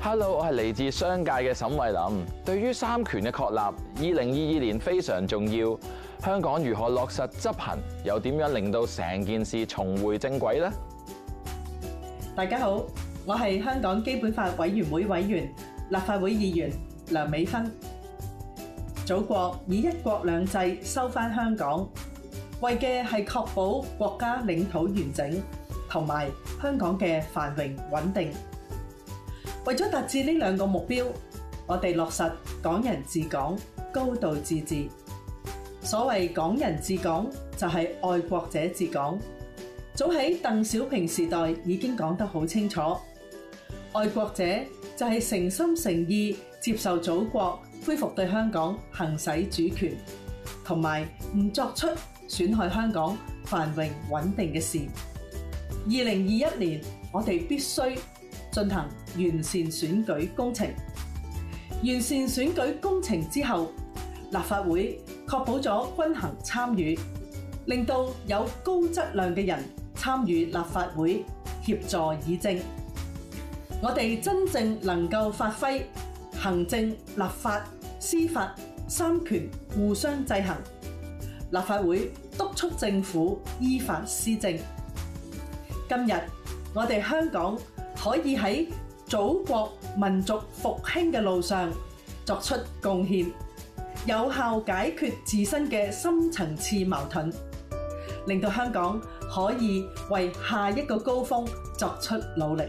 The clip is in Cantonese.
Hello，我係嚟自商界嘅沈慧林。對於三權嘅確立，二零二二年非常重要。香港如何落實執行，又點樣令到成件事重回正軌呢？大家好，我係香港基本法委員會委員、立法會議員梁美芬。祖國以一國兩制收返香港，為嘅係確保國家領土完整同埋香港嘅繁榮穩定。為咗達至呢兩個目標，我哋落實港人治港、高度自治。所謂港人治港，就係愛國者治港。早喺鄧小平時代已經講得好清楚，愛國者就係誠心誠意接受祖國恢復對香港行使主權，同埋唔作出損害香港繁榮穩定嘅事。二零二一年，我哋必須。進行完善選舉工程，完善選舉工程之後，立法會確保咗均衡參與，令到有高質量嘅人參與立法會協助議政。我哋真正能夠發揮行政、立法、司法三權互相制衡，立法會督促政府依法施政。今日我哋香港，可以喺祖國民族復興嘅路上作出貢獻，有效解決自身嘅深層次矛盾，令到香港可以為下一個高峰作出努力。